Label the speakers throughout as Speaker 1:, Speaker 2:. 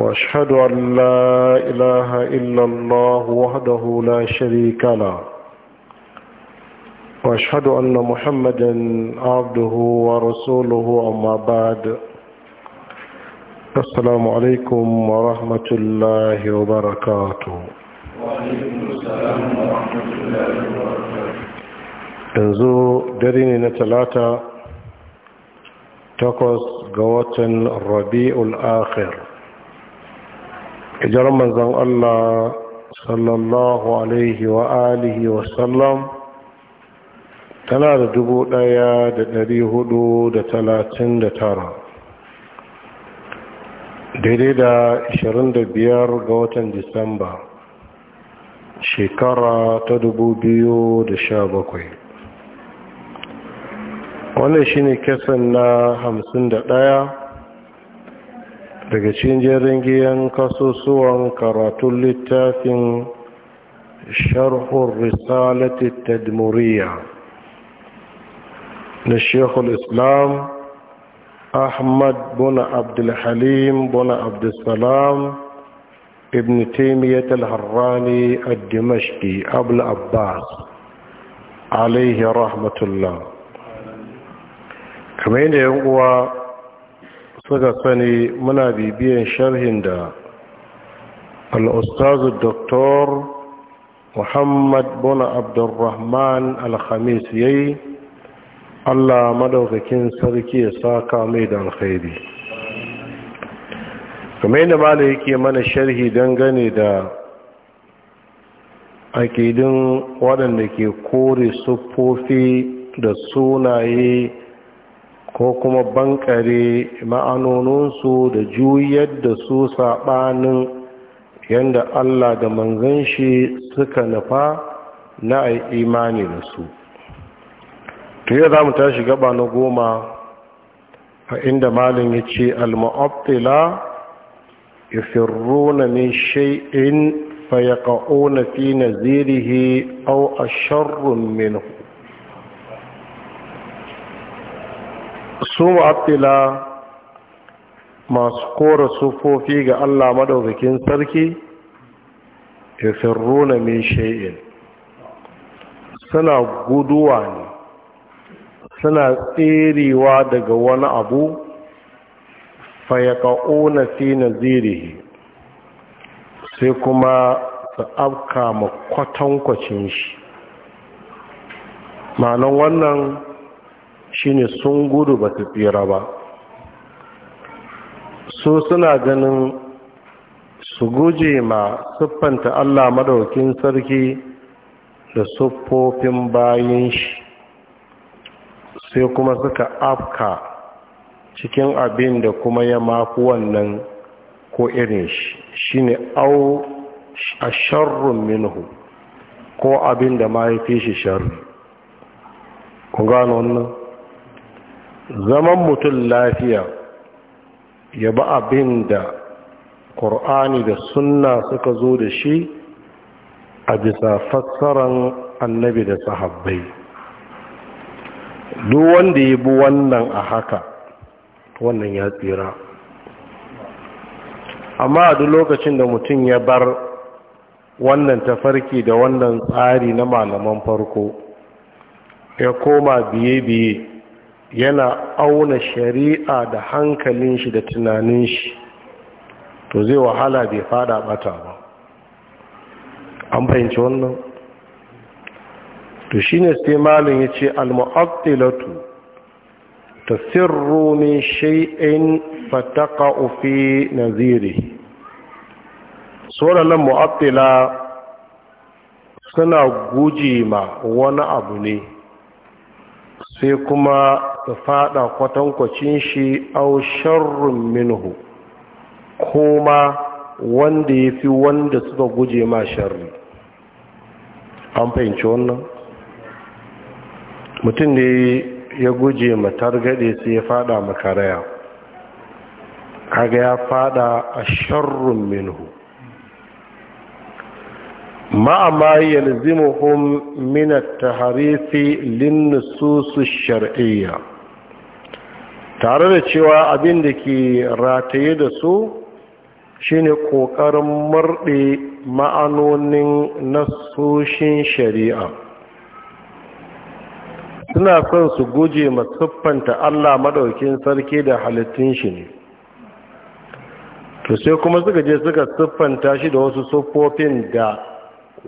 Speaker 1: واشهد ان لا اله الا الله وحده لا شريك له واشهد ان محمدا عبده ورسوله اما بعد السلام عليكم ورحمه الله وبركاته وعليكم السلام ورحمه الله وبركاته yanzu dare نتلاتا تقص talata الربيع الاخر hijirar manzon Allah sallallahu alaihi wa alihi wa sallam tana da dubu ɗaya da dari hudu da talatin da tara daidai da ashirin da biyar ga watan disamba shekara ta dubu biyu da sha bakwai wannan ne kesan na hamsin da ɗaya daga cikin jerin kasusuwan karatun littafin sharhun risalati tadmuriya na shekul islam ahmad buna abdulhalim buna abdulsalam ibn taimiyyat al-harrani al-dimashki abul abbas alaihi rahmatullah kamar yadda yan uwa suka sani muna bibiyan sharhin da al'ustazu doktor muhammad bona abdurrahman alhamis ya yi allah madaukakin sarki ya saka mai da alkhairi kuma yadda mala yake mana sharhi dangane da akidin waɗanda ke kore siffofi da sunaye ko kuma bankare ma'anoninsu da juyar da su saɓanin yadda Allah da manzan shi suka nufa na a imani da su tuye za mu tashi gaba na goma a inda malin ya ce al-ma'abtila ya min shai'in fayaƙa'o na fi nazirihi au a sharrun minhu su mu'attila masu kora sufofi ga Allah madaukakin sarki ya na min sha'il suna guduwa ne suna tserewa daga wani abu fayaqauna fi zirihi, sai kuma su afka ma kwatankwacin shi ma'anan wannan shine sun gudu ba su tsira ba su suna ganin su guje ma siffanta Allah madaukin sarki da siffofin bayan shi sai kuma suka afka cikin abin da kuma ya mafi wannan ko irin shi shine au a sharrun minhu ko abin da ma fi shi sharri ku gano wannan zaman mutum lafiya ya ba abin da ƙur'ani da sunna suka zo da shi a bisa fassaran annabi da sahabbai duk wanda ya bi wannan a haka wannan ya tsira amma a duk lokacin da mutum ya bar wannan tafarki da wannan tsari na malaman farko ya koma biye-biye yana auna shari'a da hankalin shi da tunanin shi to zai wahala bai fada bata ba an fahimci wannan to shine sai malin yace al-mu'attilatu tasirru min shay'in fataqa'u fi nazirihi sunan mu'attila suna guje ma wani abu ne sai kuma ta fada kwatankwacin shi au sharrun minhu kuma wanda ya fi wanda suka guje ma sharri an fahimci wannan mutum ne ya guje ma targade sai ya fada makaraya kaga ya fada a sharrun minhu ma'a ma yalzimuhum min at-tahrifi lin-nusus ash-shar'iyya tare da cewa abin da ke rataye da su shine kokarin murɗe ma'anonin nasoshin shari'a suna son su guje masuffanta Allah maɗaukin sarki da halittun shi ne to sai kuma suka je suka siffanta shi da wasu siffofin da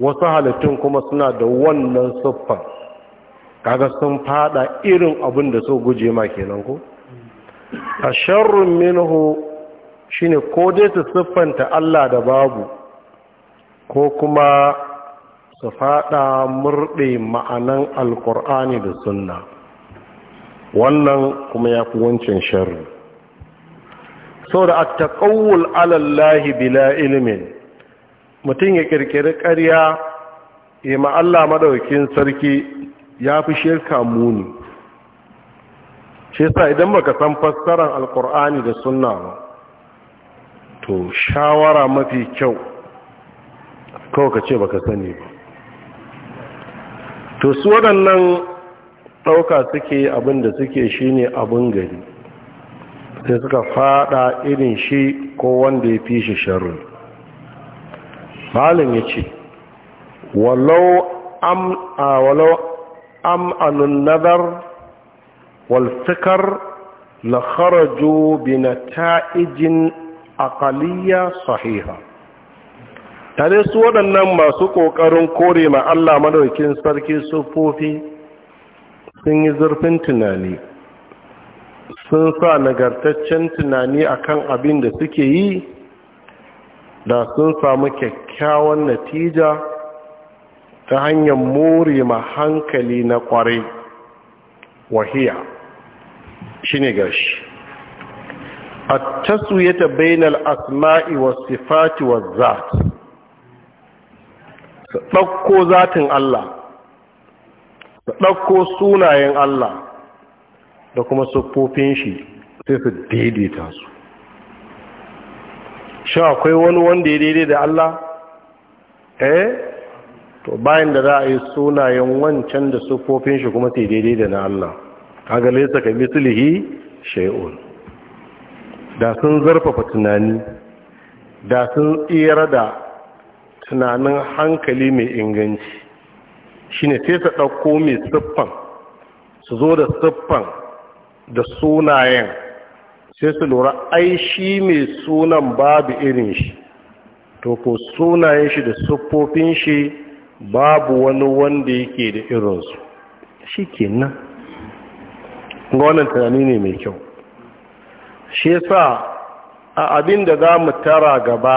Speaker 1: wasu halittun kuma suna da wannan siffar kaga sun fada irin abin da so guje ma kenan ko a sharrun minhu shine ko dai su siffanta Allah da babu ko kuma su fada murɗe ma'anan alkur'ani da sunna wannan kuma ya fi wancan sharri so da a taƙawul alallahi bila ilimin mutum ya ƙirƙiri ƙarya ya ma'alla maɗaukin sarki ya fi shirka muni shi sa idan baka san fassarar alkur'ani da suna ba to shawara mafi kyau kawai ka ce baka sani ba to su waɗannan ɗauka suke abin da suke shi ne abin gari sai suka fada irin shi ko wanda ya fi shi sharri malam ya ce walau am'anun nazar walfikar la kharajo ta'ijin akaliya sahiha tare su waɗannan masu ƙoƙarin kore ma Allah madaukin sarki sufofi sun yi zurfin tunani sun sa nagartaccen tunani akan abin da suke yi da sun samu kyakkyawan natija ta hanyar more ma hankali na kwarai wahiya shi shine gashi ya taswiyata bainal asma'i wa sifati wa za su ɗauko zatin Allah su ɗauko sunayen Allah da kuma siffofin shi sai su daidaita su shi akwai wani wanda ya daidai da Allah eh to bayan da za a yi sunayen wancan da sufofin shi kuma sai daidai da na Allah ga laisa ka mislihi shay'un da sun zarfafa tunani da sun tsira da tunanin hankali mai inganci shine sai su ɗauko mai siffan su zo da siffan da sunayen sai su lura ai shi mai sunan babu irin shi to ko sunayen shi da siffofin shi babu wani wanda yake da irinsu shi kenan nan wannan tunani ne mai kyau shi yasa a abin da za mu tara gaba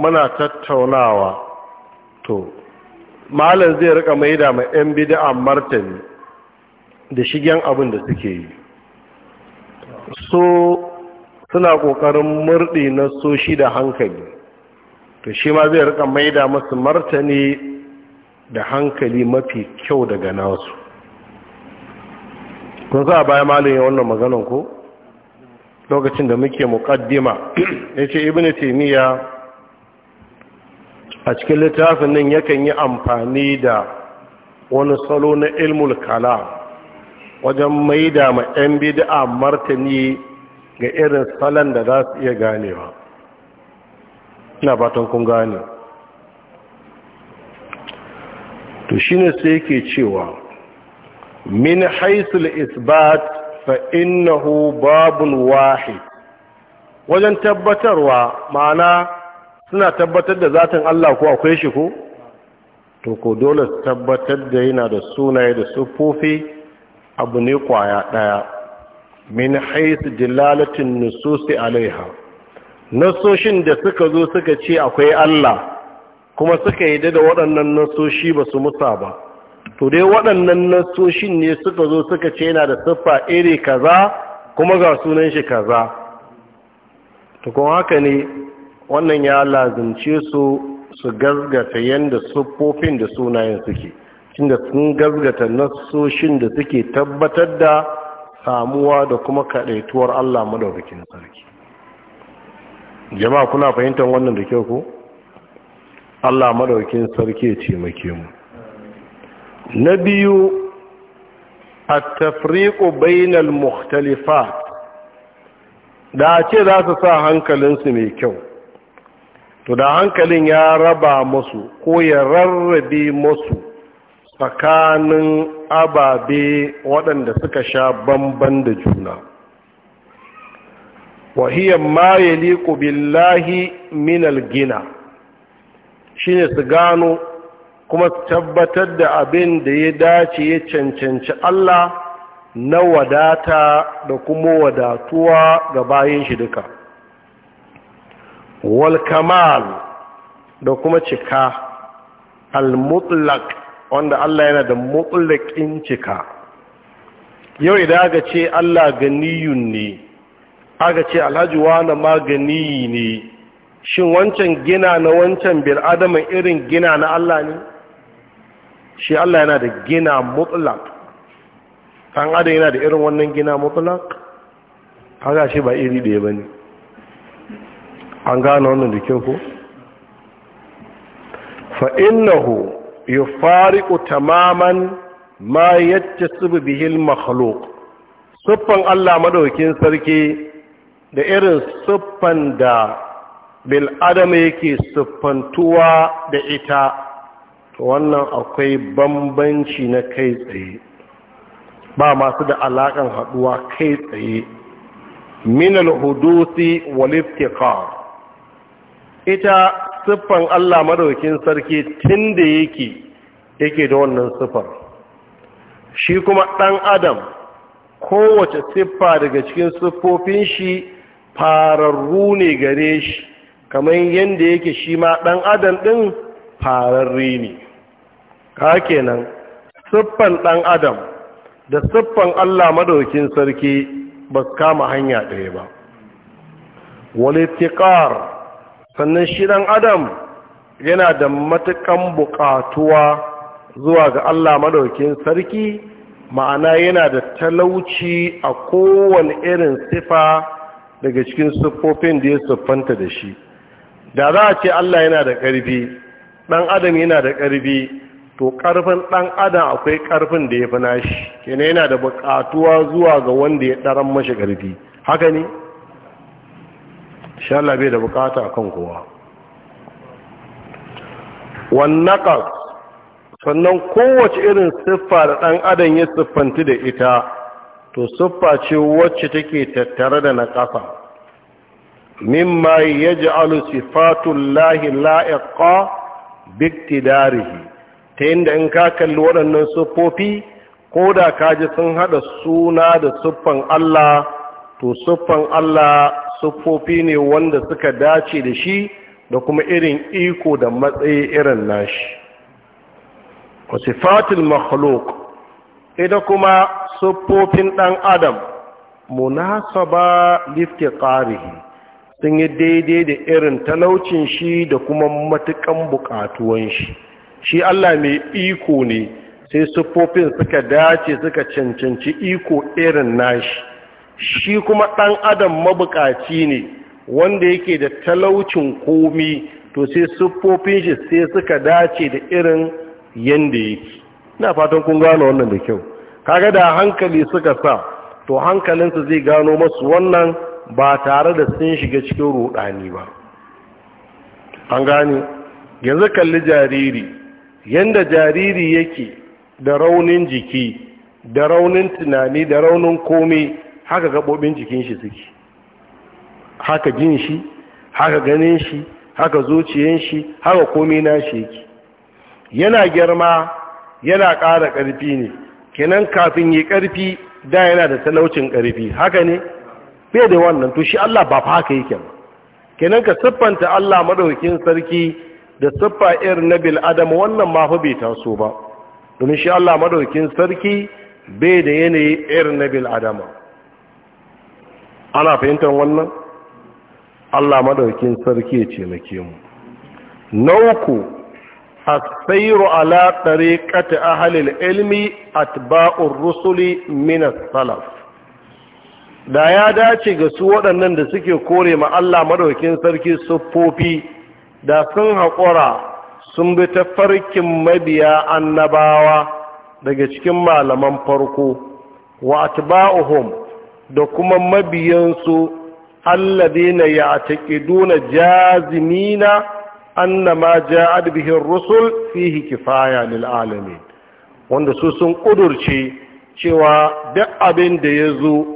Speaker 1: muna tattaunawa to malam zai rika maida ma 'yan bida martani da shigen abin da suke yi so suna ƙoƙarin murɗe na soshi da hankali to shi ma zai rika maida masu martani da hankali mafi kyau daga nasu kun a baya malin ya wannan maganin ko lokacin da muke muƙaddima ya ce ibn taimiyya a cikin littafin nan yakan yi amfani da wani salo na ilmul kala wajen maida ma 'yan bid'a martani ga irin salon da za su iya ganewa na fatan kun gane to shi ne sai yake cewa min haisul isbat fa innahu babun wahid wajen tabbatarwa ma'ana suna tabbatar da zatin Allah ko akwai shi ko to ko dole su tabbatar da yana da sunaye da sufofi abu ne kwaya daya min haisu dilalatin nususi alaiha nasoshin da suka zo suka ce akwai Allah kuma suka yi da waɗannan nasoshi ba su musa ba to dai waɗannan nasoshin ne suka zo suka ce yana da siffa iri kaza kuma ga sunan shi kaza to kuma haka ne wannan ya lazimce su su gazgata yadda siffofin da sunayen suke da sun gazgata nasoshin da suke tabbatar da samuwa da kuma kaɗaituwar Allah madaukakin sarki jama'a kuna fahimtar wannan da kyau ko Allah madaukakin sarki ya taimake mu na biyu at-tafriqu bainal mukhtalifat da ce za su sa hankalinsu mai kyau to da hankalin ya raba musu ko ya rarrabe musu tsakanin ababe waɗanda suka sha bamban da juna wahiyar ma ya liƙo billahi minal gina shi ne su gano kuma tabbatar da abin da ya dace ya cancanci Allah na wadata da kuma wadatuwa ga bayan shi duka wal kamal da kuma cika al-mutlaq wanda Allah yana da mutlaƙin cika yau idan aka ce Allah ganiyun ne aka ce alhaji wani magani ne shin wancan gina na wancan bil adama irin gina na Allah ne shi Allah yana da gina mutlaq an adam yana da irin wannan gina mutlaq haka shi ba iri da ba ne an gane wannan da kyau ko fa'innahu yufariqu tamaman ma yattasibu bihi al-makhluq siffan Allah madaukin sarki da irin siffan da bil'adama yake siffantuwa da ita to wannan akwai bambanci na kai tsaye ba masu da alaƙan haduwa kai tsaye min al-hudusi wal iftiqar ita siffan Allah madaukin sarki tun da yake yake da wannan siffar shi kuma ɗan adam kowace siffa daga cikin siffofin shi fararru ne gare shi kamar yadda yake shi ma ɗan adam ɗin fararri ne ka kenan siffan ɗan adam da siffan Allah madaukin sarki ba kama hanya ɗaya ba Walitikar. sannan shi dan adam yana da matukan buƙatuwa zuwa ga Allah madaukin sarki ma'ana yana da talauci a kowane irin sifa daga cikin siffofin da ya siffanta da shi da za a ce Allah yana da ƙarfi ɗan adam yana da ƙarfi to ƙarfin ɗan adam akwai ƙarfin da ya fi nashi kenan yana da buƙatuwa zuwa ga wanda ya ɗaran mashi ƙarfi haka ne Allah bai da bukata kan kowa wannan sannan kowace irin siffa da ɗan adam ya siffanti da ita to siffa ce wacce take tattare da naƙasa mimma yaj'alu sifatullahi la'iqa biktidarihi ta yadda in ka kalli waɗannan siffofi ko da ka ji sun haɗa suna da siffan Allah to siffan Allah siffofi ne wanda suka dace da shi da kuma irin iko da matsayi irin nashi wa sifatul makhluq ida kuma siffofin dan adam munasaba liftiqarihi sun yi daidai da irin talaucin shi da kuma matukan bukatuwan shi shi Allah mai iko ne sai siffofin suka dace suka cancanci iko irin nashi shi kuma ɗan adam mabukaci ne wanda yake da talaucin komi to sai siffofin shi sai suka dace da irin yanda yake na fatan kun gano wannan da kyau kaga da hankali suka sa to hankalinsu zai gano masu wannan ba tare da sun shiga cikin rudani ba an gane yanzu kalli jariri yadda jariri yake da raunin jiki da raunin tunani da raunin komi. haka gabobin jikin shi suke haka jin shi haka ganin shi haka zuciyen shi haka komai na shi yake yana girma yana ƙara ƙarfi ne kenan kafin yi ƙarfi da yana da talaucin ƙarfi haka ne bai da wannan to shi Allah ba haka yake ba kenan ka siffanta Allah madaukakin sarki da siffa irin nabil'adama adam wannan ma fa bai taso ba domin shi Allah madaukakin sarki bai da yanayi irin na bil adama ana fahimtar wannan Allah madaukin sarki ya ce taimake mu Nauku, uku asairu ala tariqati ahlil ilmi atba'u rusuli minas salaf da ya dace ga su waɗannan da suke kore ma Allah madaukin sarki siffofi da sun haƙura sun bi ta farkin mabiya annabawa daga cikin malaman farko wa atba'uhum da kuma mabiyansu na alladina na jazimina annama ja'ad bihi ar-rusul fihi kifaya lil alamin wanda su sun kudurce cewa duk abin da ya zo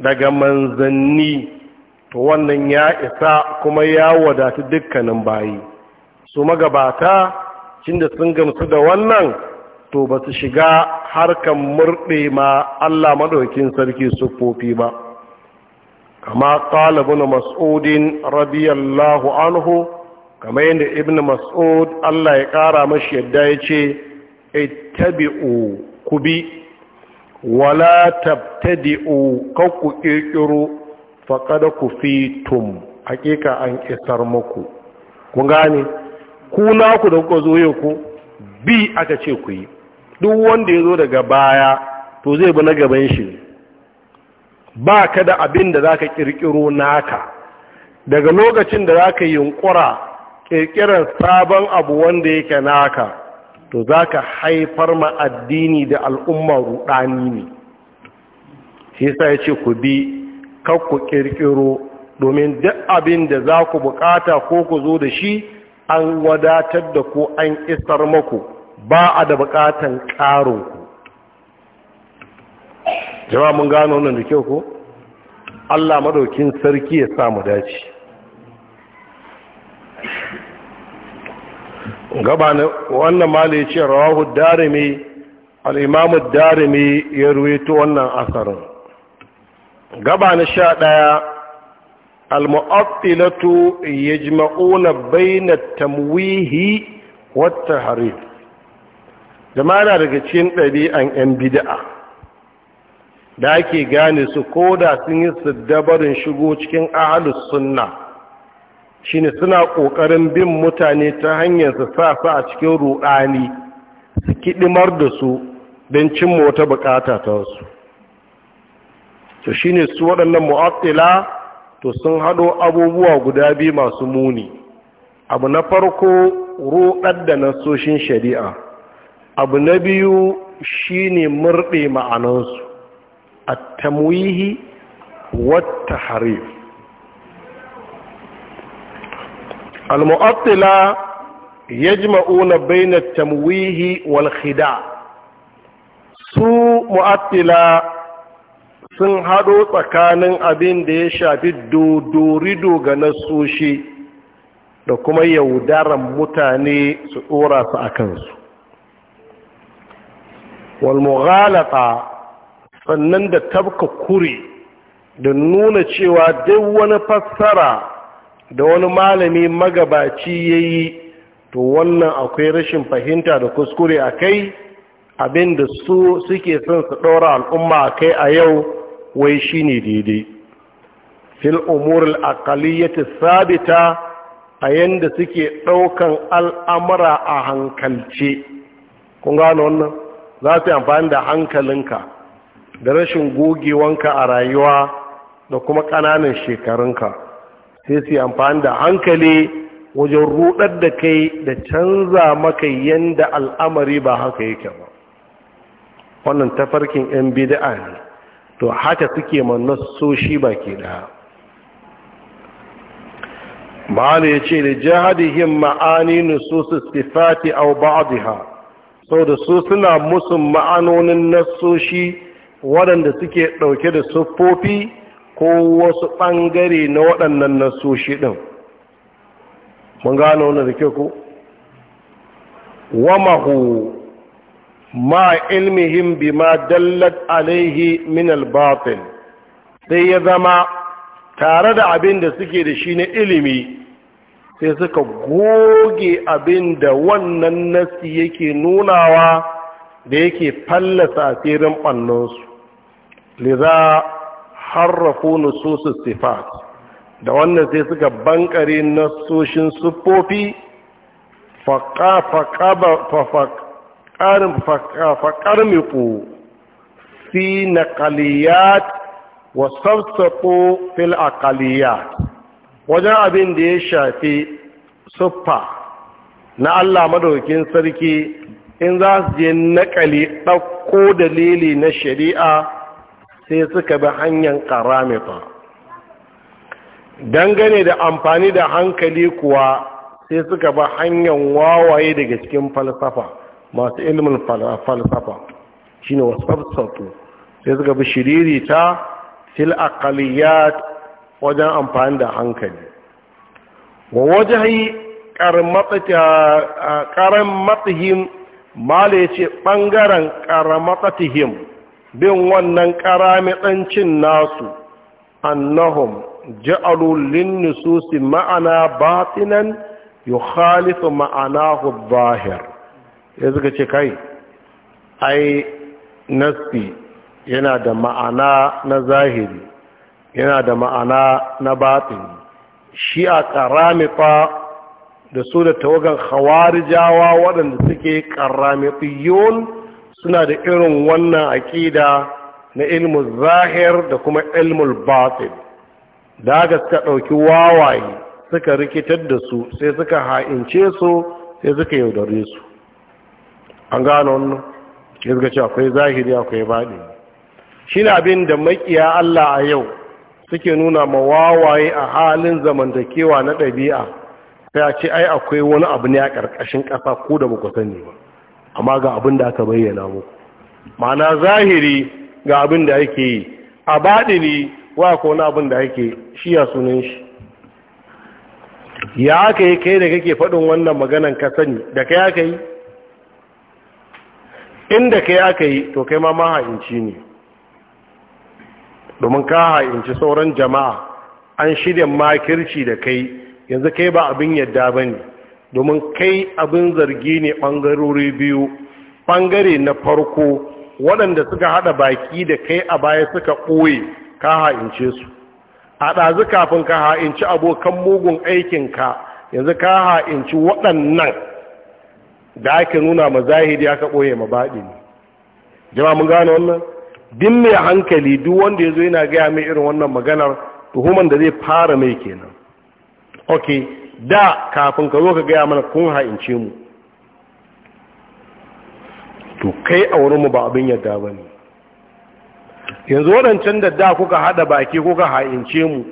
Speaker 1: daga manzanni to wannan ya isa kuma ya wadata dukkanin bayi su magabata cin da sun gamsu da wannan to ba su shiga harkan murɗe ma Allah maɗaukin sarki sufofi ba kama ƙala mas'udin radiyallahu anhu kama yadda ibn mas'ud Allah ya ƙara mashi yadda ya ce ittabi'u ku bi wala tabtadi'u kan ku faƙada ku fitum haƙiƙa an ƙisar muku ku gane ku naku da kuka zo yau ku bi aka ce ku yi duk wanda ya zo daga baya to zai bi na gaban shi ba ka da abin da za ka ƙirƙiro naka daga lokacin da za ka yunƙura ƙirƙirar sabon abu wanda yake naka to za ka haifar ma'addini da al'umma ruɗani ne shi sa ya ce ku bi kakku ƙirƙiro domin duk abin da za ku buƙata ko ku zo da shi an wadatar da ko an isar maku ba a da bukatan ƙarinku jama'a mun gano wannan da kyau ko Allah madaukin sarki ya sa mu dace gaba na wannan malai ce rawahu darimi al-imam darimi ya ruwaito wannan asarin gaba na sha ɗaya al-mu'attilatu yajma'una bainat tamwihi wat jama'a na daga cikin ɗabi'an 'yan bida'a da ake gane su ko da sun yi su dabarin shigo cikin ahalus sunna ne suna ƙoƙarin bin mutane ta hanyar su sa sa a cikin ruɗani su kiɗimar da su don cimma wata buƙata ta wasu to shine su waɗannan mu'attila to sun haɗo abubuwa guda biyu masu muni abu na farko ruɗar da nasoshin shari'a abu na biyu shine murɗe ma'anansu a tamwihi wata harif al-mu'attila yajma'una baina tamwihi wal khida su mu'attila sun haɗo tsakanin abin da ya shafi dodorido ga nasoshi da kuma yaudaran mutane su ɗora su a kansu walmughalata sannan da tabka kure da nuna cewa duk wani fassara da wani malami magabaci yayi to wannan akwai rashin fahimta da kuskure a kai abinda su suke son su ɗora al'umma a kai a yau wai shi ne daidai fil umurul aqaliyyati sabita a yanda suke ɗaukan al'amura a hankalce kun gano wannan za su yi amfani da hankalinka da rashin gogewanka a rayuwa da kuma ƙananan shekarunka sai su yi amfani da hankali wajen rudar da kai da canza maka yadda al'amari ba haka yake ba wannan tafarkin 'yan bida'a ne to haka suke manassoshi ba ke daya ma'ana ya ce da jihadihim ma'ani nususus sifati au ba'diha Sau da su suna musu ma'anonin nasoshi waɗanda suke ɗauke da siffofi ko wasu ɓangare na waɗannan nasoshi ɗin mun gano wani da ke ku wamahu ma ilmihim bima dallat alaihi min albatin sai ya zama tare da abin da suke da shi na ilimi sai suka goge abin da wannan nasi yake nunawa da yake fallasa a tsirin ɓannansu liza harrafu nususu sifat da wannan sai suka bankare nasoshin siffofi faƙarmiku fi na kaliyat wa safsaƙo fil akaliyat wajen abin da ya shafi suffa na Allah madaukin sarki in za su je nakali ɗauko dalili na shari'a sai suka bi hanyar ƙaramita dangane da amfani da hankali kuwa sai suka bi hanyar wawaye daga cikin falsafa masu ilimin falsafa shine wasu sai suka bi shiririta fil aqaliyat wajen amfani da hankali wa wajahi karmatihim mala ya ce ɓangaren karmatihim bin wannan karamitsancin nasu annahum ja'alu linnususi ma'ana batinan yukhalifu ma'anahu zahir ya suka ce kai ai nassi yana da ma'ana na zahiri yana da ma'ana na batin shi a karamita da su da tawagan hawarijawa waɗanda suke karamitiyon suna da irin wannan aƙida na ilmul zahir da kuma ilmul batin da haka suka ɗauki wawaye suka rikitar da su sai suka ha'ince su sai suka yaudare su an gano wannan ke suka ce akwai zahiri akwai baɗi shi na abin da maƙiya Allah a yau suke nuna ma wawaye a halin zamantakewa na ɗabi'a sai a ce ai akwai wani abu ne a ƙarƙashin ƙasa ko da ba sani ba amma ga abin da aka bayyana muku ma'ana zahiri ga abin da yake yi a baɗini wa ko wani abin da yake shi ya sunan shi ya aka yi kai da kake faɗin wannan maganan ka sani da kai aka yi inda kai aka yi to kai ma ha'inci ne domin ka ha'inci sauran jama'a an shirya makirci da kai yanzu kai ba abin yadda ba ne domin kai abin zargi ne ɓangarori biyu ɓangare na farko waɗanda suka haɗa baki da kai a baya suka ɓoye ka ha'ince su a ɗazu kafin ka ha'inci abokan mugun aikinka yanzu ka ha'inci waɗannan da ake nuna ma zahiri aka ɓoye ma baɗi ne jama mun gane wannan din mai hankali duk wanda ya zo yana gaya mai irin wannan maganar tuhuman da zai fara mai kenan ok da kafin ka zo ka gaya mana kun ha'ince mu to kai a wurinmu ba abin yadda ba ne yanzu waɗancan da da kuka haɗa baki kuka ha'ince mu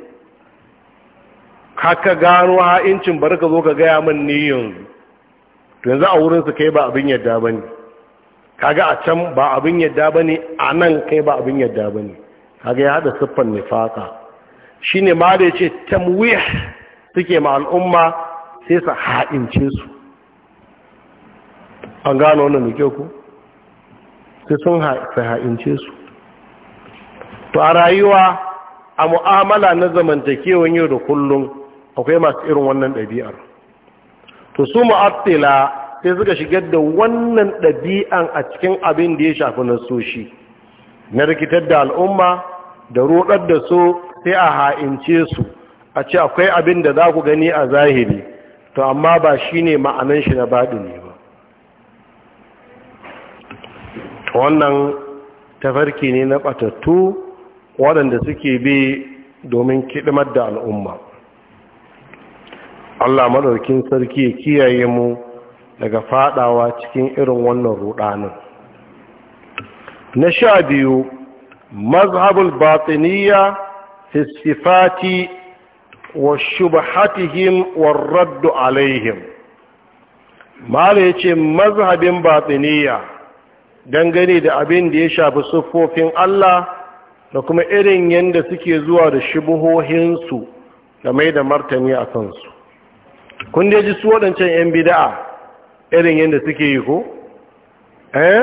Speaker 1: haka gano ha'incin bari ka zo ka gaya min ni yanzu to yanzu a wurinsu kai ba abin yadda ba ne kaga a can ba abin yadda ba ne a nan kai ba abin yadda ba ne kaga ya haɗa siffar nifaka shi ne ma da ya ce tamwih suke ma al'umma sai su haɗince su an gano wannan nuke ku sai sun haɗince su to a rayuwa a mu'amala na zamantakewan yau da kullum akwai masu irin wannan ɗabi'ar to su mu'attila sai suka shigar da wannan ɗabi'an a cikin abin da ya shafi nasoshi na rikitar da al'umma da roɗar da so sai a ha'ince su a ce akwai abin da za ku gani a zahiri to amma ba shi ne ma'anan shi na baɗi ne ba wannan tafarki ne na ɓatattu waɗanda suke bi domin kiɗimar da al'umma Allah maɗaukin sarki ya kiyaye mu daga fadawa cikin irin wannan rudanin na sha biyu mazhabul batiniya fi sifati wa shubhatihim wa raddu alaihim mala yace mazhabin batiniya dangane da abin da ya shafi siffofin Allah da kuma irin yanda suke zuwa da shubuhohinsu da mai da martani a kansu kun da ji su waɗancan 'yan bida'a irin yadda suke yi ko eh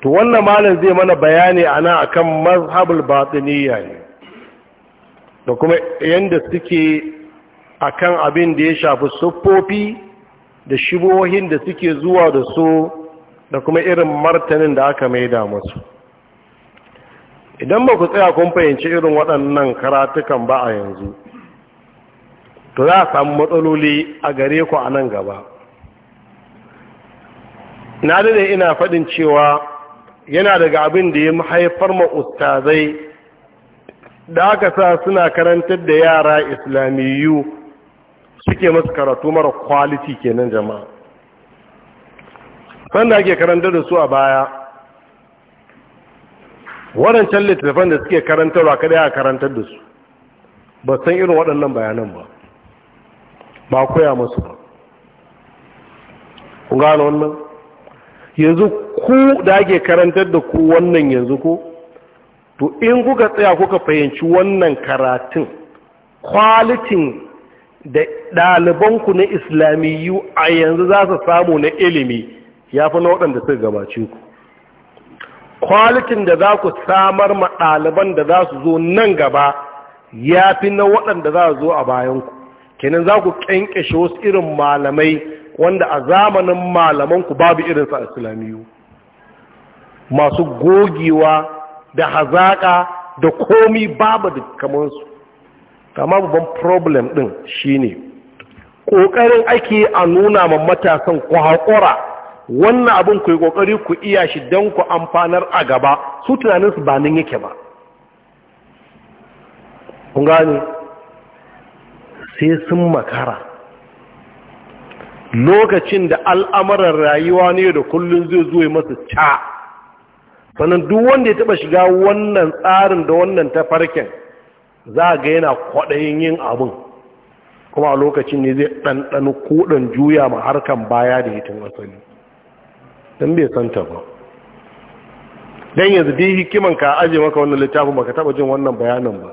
Speaker 1: to wannan malam zai mana bayani ana akan mazhabul batiniya ne da kuma yadda suke akan abin da ya shafi siffofi da shibohin da suke zuwa da su da kuma irin martanin da aka maida masu. idan ba ku tsaya kun fahimci irin waɗannan karatukan ba a yanzu to za a samu matsaloli a gare ku a nan gaba na dade ina faɗin cewa yana daga abin da ya mahaifar ma ustazai da aka sa suna karantar da yara islamiyyu suke masu karatu mara kwaliti kenan jama'a sanda ake karantar da su a baya waɗancan littattafan da suke karantarwa kaɗai ya karantar da su ba san irin waɗannan bayanan ba ba koya masu ba ku gane wannan yanzu ku da ake karantar da ku wannan yanzu ko to in kuka tsaya kuka fahimci wannan karatun kwalitin da ɗalibanku na islamiyu a yanzu za su samu na ilimi ya fi na waɗanda suka gabace ku kwalitin da za ku samar ma ɗaliban da za su zo nan gaba ya fi na waɗanda za su zo a bayanku kenan za ku kyankyashe wasu irin malamai wanda a zamanin malamanku babu irinsa a islamiyu masu gogewa da hazaƙa da komi babu da kamansu kama babban problem ɗin shine ƙoƙarin ake a nuna ma matasan ku haƙura wannan abin ku yi ƙoƙari ku iya shi don ku amfanar a gaba su tunaninsu ba nan yake ba ƙungani sai sun makara lokacin da al'amuran rayuwa ne da kullum zai zuwa masu ca sannan duk wanda ya taba shiga wannan tsarin da wannan tafarkin za a ga yana kwaɗayin yin abin kuma a lokacin ne zai ɗanɗano kuɗin juya ma harkan baya da hitin asali don bai santa ba don yanzu dai hikiman ka ajiye maka wannan littafin baka taba jin wannan bayanin ba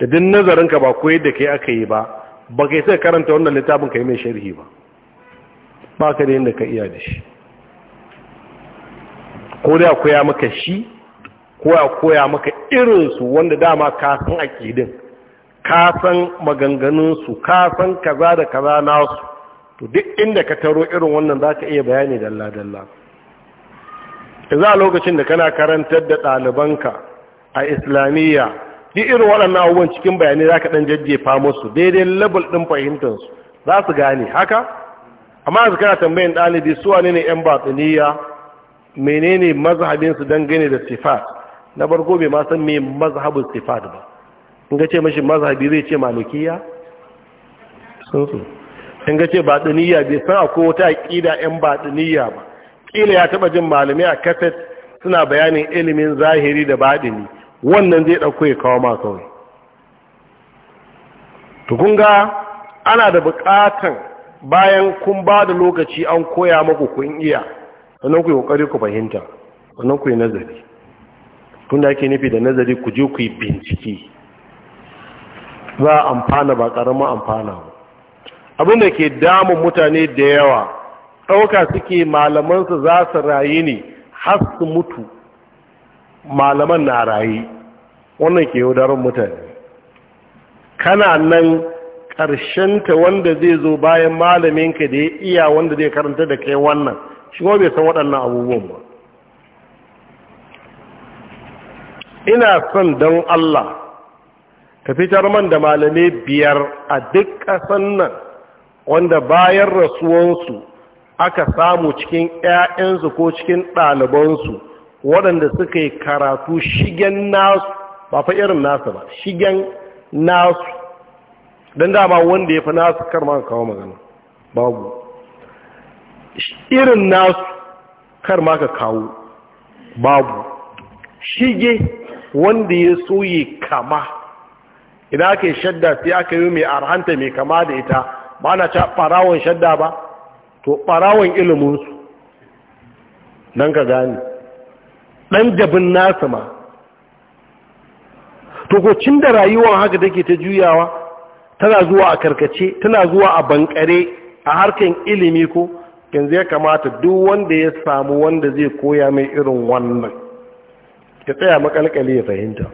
Speaker 1: da din nazarinka ba koyar da kai aka yi ba ba yi sai karanta wannan littafin ka yi mai sharhi ba ba ka da yadda ka iya da shi ko da koya maka shi ko ya koya maka irinsu wanda dama ka san aƙidin ka san maganganunsu ka san kaza da kaza nasu to duk inda ka taro irin wannan za ka iya bayani dalla-dalla za a lokacin da kana karantar da ɗalibanka a islamiyya duk irin waɗannan abubuwan cikin bayanai za ka ɗan jajjefa musu daidai level ɗin fahimtansu za su gane haka amma su kana tambayin ɗalibi su wane ne 'yan batsiniya menene mazhabinsu dangane da sifat na farko bai ma san me mazhabin sifat ba in ga ce mashi mazhabi zai ce malikiya sun su in ga ce batsiniya bai san akwai wata aƙida 'yan batsiniya ba ƙila ya taɓa jin malamai a kaset suna bayanin ilimin zahiri da baɗini wannan zai ɗauko ya kawo ma kawai tukunga ana da buƙatan bayan kun ba da lokaci an koya maku kun iya sannan ku yi ƙoƙari ku fahimta sannan ku yi nazari tun da ake nufi da nazari ku je ku yi bincike za a amfana ba ƙaramin amfana ba abin da ke damun mutane da yawa ɗauka suke malamansu za su rayu ne har su mutu malaman na rayu, wannan ke yaudarin mutane kana nan ta wanda zai zo bayan malaminka da ya iya wanda zai karanta da kai wannan shi bai san waɗannan abubuwan ba ina son don Allah ka fitar man da malamai biyar a duk ƙasan nan wanda bayan rasuwansu aka samu cikin 'ya'yansu ko cikin ɗalibansu waɗanda suka yi karatu shigen nasu ba fa irin nasu ba shigen nasu don dama wanda ya fi nasu karma kawo magana babu irin nasu karma ka kawo babu shige wanda ya soye kama idan aka yi shadda sai aka yi mai arhanta mai kama da ita ba na ca ɓarawon shadda ba to ilimin su nan ka gani ɗan jabin nasa ma tokocin da rayuwar haka take ta juyawa tana zuwa a karkace tana zuwa a bankare a harkar ilimi ko yanzu ya kamata duk wanda ya samu wanda zai koya mai irin wannan ya tsaya makalkali ya fahimta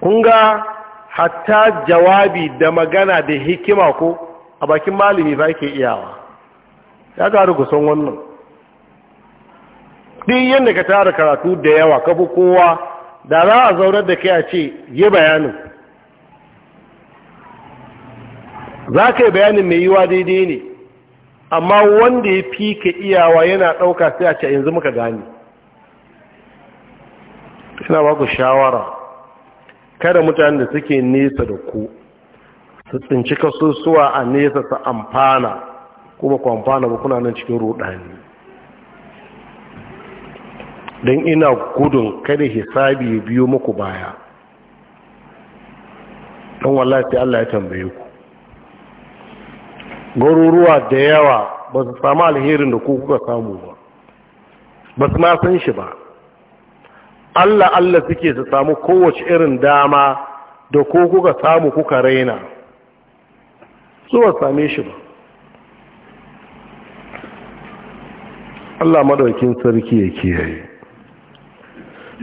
Speaker 1: kun ga hatta jawabi da magana da hikima ko a bakin malami ba ke iyawa ya ga kusan wannan duk yadda ka tara karatu da yawa ka fi kowa da za a zaunar da kai a ce yi bayanin za ka yi bayanin mai yiwa daidai ne amma wanda ya fi ka iyawa yana ɗauka sai a ce yanzu muka gani suna ba ku shawara kada mutane da suke nesa da ku su tsinci kasusuwa a nesa su amfana kuma ku amfana ba kuna nan cikin rudani don ina gudun kada hisabi biyo muku baya don wallahi sai Allah ya tambaye ku garuruwa da yawa ba su samu alherin da kuka samu ba ba su ma san shi ba Allah Allah suke su samu kowace irin dama da kuka samu kuka raina su ba same shi ba Allah madaukin sarki ya kiyaye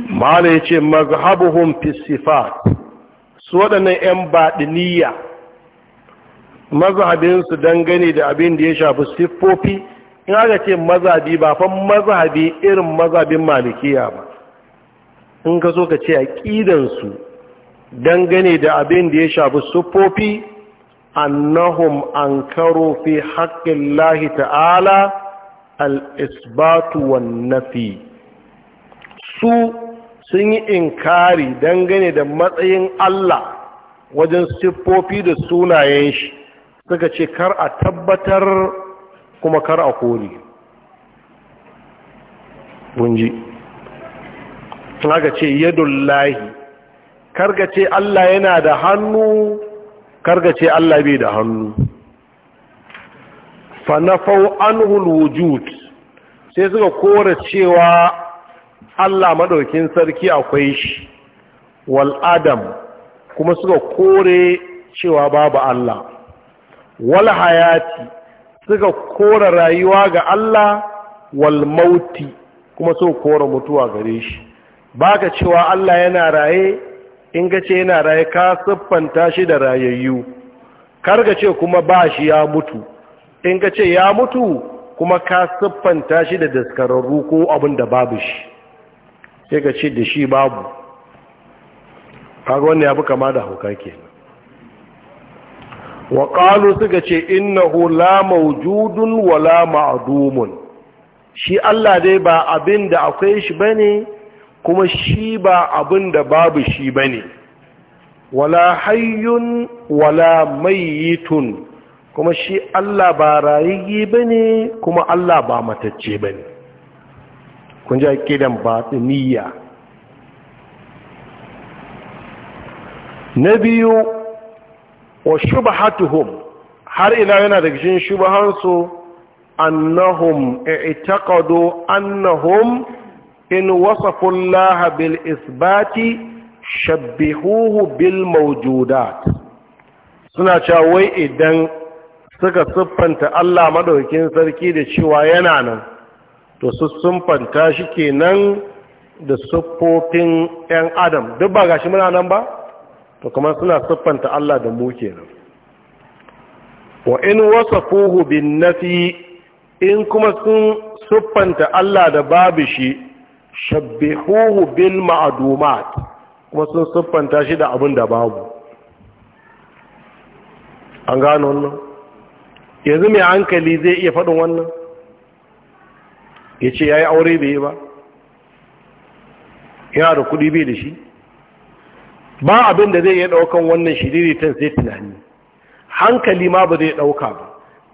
Speaker 1: mala ya ce mazhabuhun fisifat su waɗannan 'yan baɗiniya mazhabinsu dangane da abin da ya shafi siffofi in aka ce mazhabi ba fa mazhabi irin mazhabin malikiya ba in ka so ka ce su dangane da abin da ya shafi siffofi annahum ankaru fi haƙƙin lahi ta'ala al-isbatu nafi su sun yi inkari dangane da matsayin Allah wajen siffofi da sunayen shi suka ce kar a tabbatar kuma kar a kori bunji ce yadullahi karga ce Allah yana da hannu karga ce Allah bai da hannu fa nafau anhu alwujud sai suka kora cewa Allah madaukin sarki akwai shi Wal'adam adam kuma suka kore cewa babu Allah wal hayati suka kore rayuwa ga Allah wal mauti kuma suka kore mutuwa gare shi baka cewa Allah yana raye in ga ce yana raye ka siffanta shi da rayayyu karga ce kuma ba shi ya mutu in ka ce ya mutu kuma ka siffanta shi da daskararru ko abin da babu shi sai ka ce da shi babu kaga wannan ya fi kama da hauka kenan wa ƙalu suka ce innahu la maujudun wa la ma'adumun. shi Allah dai ba abin da akwai shi bane kuma shi ba abin da babu shi bane wala hayyun wala mai mayyitun kuma shi Allah ba rayayye bane kuma Allah ba matacce bane kun ji aƙidan batiniya na biyu wa shubahatuhum har ina yana da gishin shubahansu annahum i'taqadu annahum in wasafu Allah bil isbati shabbihuhu bil mawjudat suna cewa wai idan suka siffanta Allah madaukakin sarki da cewa yana nan to sun fanta shi nan da siffofin 'yan adam duk ba gashi muna nan ba to kamar suna siffanta Allah da mu kenan wa in wasafuhu bin nafi in kuma sun siffanta Allah da babu shi shabbihuhu bin ma'adumat kuma sun siffanta shi da abin da babu an gano wannan yanzu mai hankali zai iya faɗin wannan ya ce ya yi aure bai yi ba yana da kudi bai da shi ba abin da zai iya daukan wannan shiriritan sai tunani hankali ma ba zai dauka ba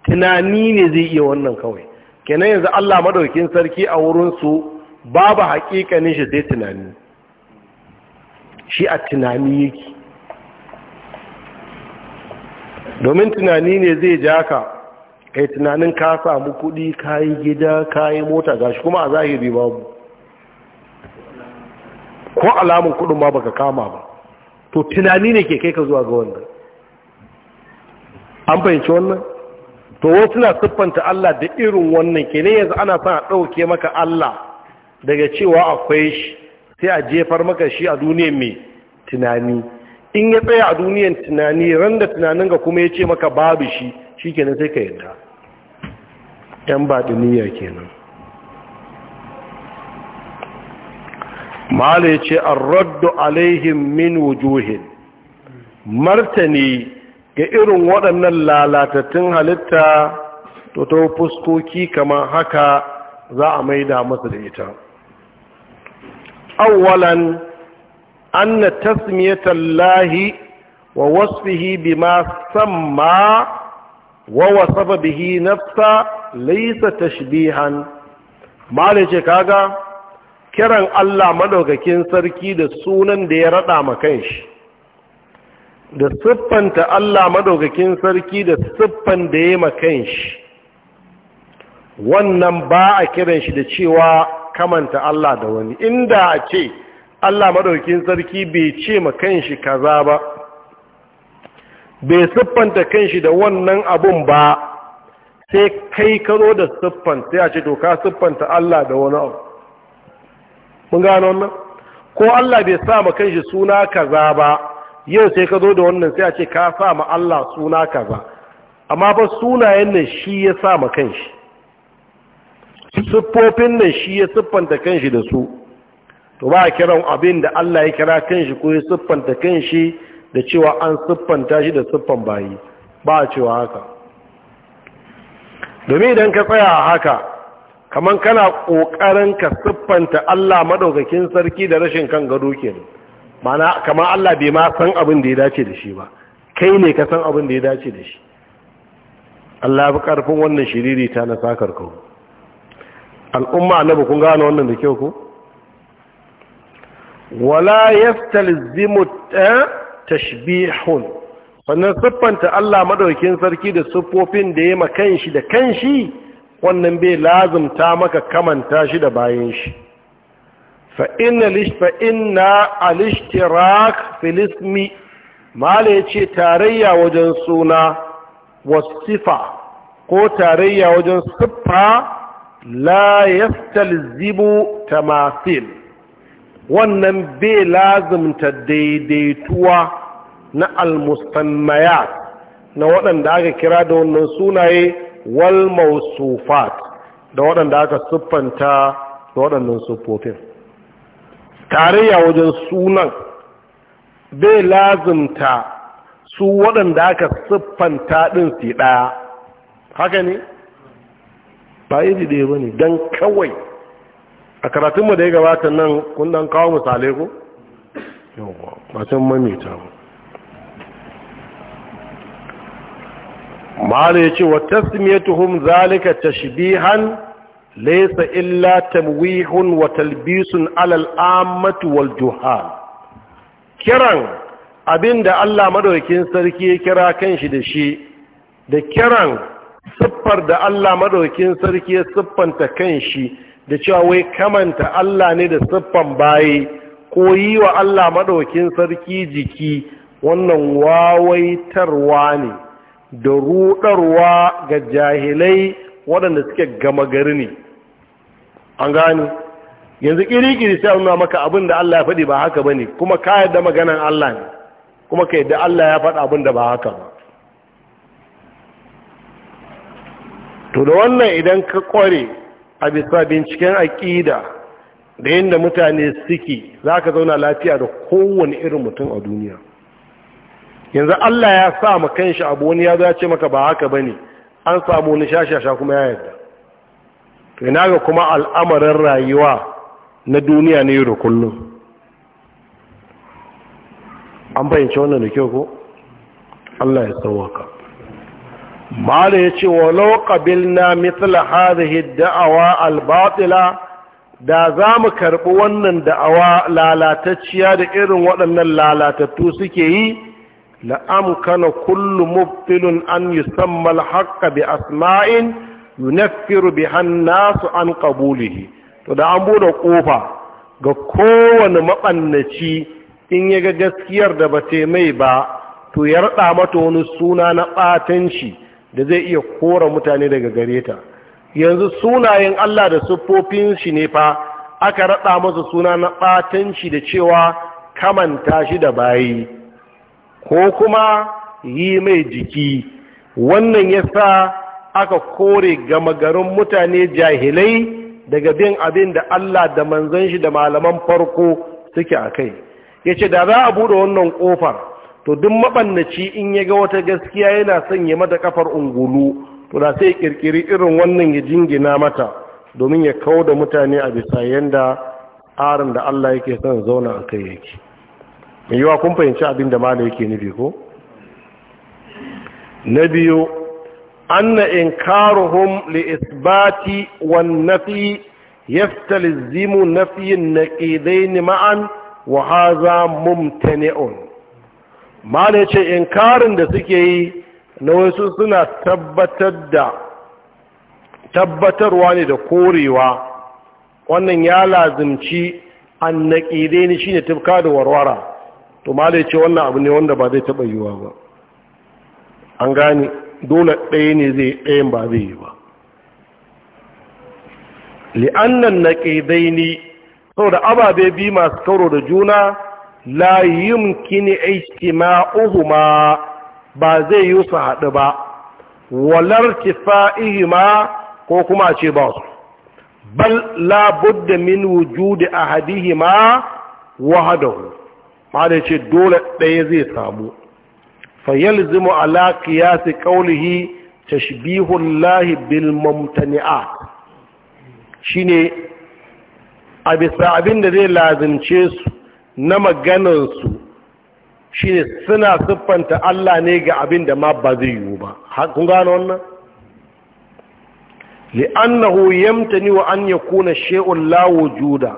Speaker 1: tunani ne zai iya wannan kawai kenan yanzu allah madaukin sarki a wurin wurinsu babu haƙiƙanin shi sai tunani shi a tunani yake domin tunani ne zai ja ka kai tunanin ka samu kudi kayi gida kayi mota gashi kuma a zahiri babu ko alamun kudin ma baka kama ba to tunani ne ke kai ka zuwa ga wannan an fahimci wannan to wasu na siffanta Allah da irin wannan ke ne yanzu ana son a ɗauke maka Allah daga cewa akwai shi sai a jefar maka shi a duniyar mai tunani in ya tsaya a duniyar tunani randa tunanin ga kuma ya ce maka babu shi shi kenan sai ka yadda yan baɗiniya kenan mala ya ce an raddu alaihim min wujuhin martani ga irin waɗannan lalatattun halitta to ta fuskoki kamar haka za a maida masa da ita na anna tasmiyatallahi wa bi ma samma wa wasu bihi nafsa laisa tashbihan mala ce kaga kiran Allah madaukakin sarki da sunan da ya rada ma kanshi da siffanta Allah madaukakin sarki da siffan da ya ma kanshi wannan ba a kiran shi da cewa kamanta Allah da wani inda a ce Allah madaukakin sarki bai ce ma kanshi kaza ba bai siffanta kanshi da wannan abun ba sai kai ka zo da siffan sai a ce to ka siffanta Allah da wani abu mun gano wannan ko Allah bai sa ma kanshi suna kaza ba yau sai ka zo da wannan sai a ce ka sa ma Allah suna kaza amma ba sunayen nan shi ya sa ma kanshi siffofin nan shi ya siffanta kanshi da su to ba a kiran abin da Allah ya kira kanshi ko ya siffanta kanshi da cewa an siffanta shi da siffan bayi ba a cewa haka domin idan ka tsaya haka kaman kana ƙoƙarin ka siffanta Allah maɗaukakin sarki da rashin kan gado kenan mana kamar Allah bai ma san abin da ya dace da shi ba kai ne ka san abin da ya dace da shi Allah bi ƙarfin wannan shiriri ta na sakar ku al'umma annabi kun gano wannan da kyau ku wala yastalzimu eh, tashbihun sannan siffanta Allah madaukin sarki da siffofin da ya ma kanshi da kanshi wannan bai lazumta maka kamanta shi da bayan shi fa inna fa inna al-ishtirak ya ce tarayya wajen suna wasifa ko tarayya wajen siffa la yastalzibu tamathil wannan bai lazumta daidaituwa na almusammayat na waɗanda aka kira da wannan sunaye wal mausufat da waɗanda aka siffanta da waɗannan siffofin tarayya wajen sunan bai lazimta su waɗanda aka siffanta ɗin su ɗaya haka ne ba iri ɗaya ba ne don kawai a karatunmu da ya gabata nan kundan kawo misalai ko? Yau ba Ba can mamita ba mala ce wa tasmiyatuhum zalika tashbihan laysa illa tamwihun wa talbisun alal ammati wal juhal kiran abinda Allah madaukakin sarki ya kira kanshi da shi da kiran siffar da Allah madaukakin sarki ya siffanta kanshi da cewa wai kamanta Allah ne da siffan bayi ko yi wa Allah madaukakin sarki jiki wannan wawaitarwa ne da rudarwa ga jahilai waɗanda suke gama gari ne an gani yanzu kirikiri sai nuna maka abin da Allah ya faɗi ba haka bane kuma ka yadda maganan Allah ne kuma ka yadda Allah ya faɗa abin da ba haka ba to da wannan idan ka kware a bisa binciken aƙida da yadda mutane suke za ka zauna lafiya da kowane irin mutum a duniya yanzu Allah ya sa ma kanshi abu wani ya zace maka ba haka bane an samu wani shashasha kuma ya yarda to ina ga kuma al'amarin rayuwa na duniya ne da kullum an bayyana wannan da kyau ko Allah ya tsawaka mala ya ce walau qabilna mithla hadhihi ad-da'wa al-batila da za mu karɓi wannan da'awa lalatacciya da irin waɗannan lalatattu suke yi la'amkana kullu mubtilun an yusamma al-haqqa bi asma'in yunaffiru biha an-nasu an qabulihi to da an bude kofa ga kowane mabannaci in ya ga gaskiyar da ba mai ba to ya rada mata wani suna na batanci da zai iya kora mutane daga gare ta yanzu sunayen Allah da siffofin shi ne fa aka rada masa suna na batanci da cewa kamanta shi da bayi ko kuma yi mai jiki wannan ya sa aka kore gama garin mutane jahilai daga bin abin da Allah da manzon shi da malaman farko suke a kai ya ce da za a buɗe wannan ƙofar to duk maɓannaci in ya ga wata gaskiya yana sanya mata ƙafar ungulu to da sai ƙirƙiri irin wannan ya jingina mata domin ya kawo da mutane a bisa yanda tsarin da Allah yake son zauna a kai yake mai yiwa kun fahimci abin da mala yake nufi ko na biyu anna karu li isbati wan nafi nafiyin na ƙidai ni ma'an wa hadha mumtani'un mala in inkarin da suke yi na wasu suna tabbatar da tabbatarwa ne da korewa wannan ya lazimci an shi ne tufka da warwara to da ce wannan abu ne wanda ba zai taɓa yiwuwa ba an gane dole ɗaya ne zai ɗayan ba zai yi ba li'annan na sau saboda ababe biyu masu kauro da juna la uhu ma ba zai yi su haɗu ba walar ma ko kuma ce ba su bal la min wujudi ahadihima wahadahu malai ce dole ɗaya zai samu fayyar zimu ala ta shi tashbihun lahi bil shi ne a bisa abin da zai lazimce su na maganansu shi ne suna siffanta Allah ne ga abin da ma ba zai yiwu ba kun gano wannan li'annahu yamtani wa an yakuna shay'un lawo juda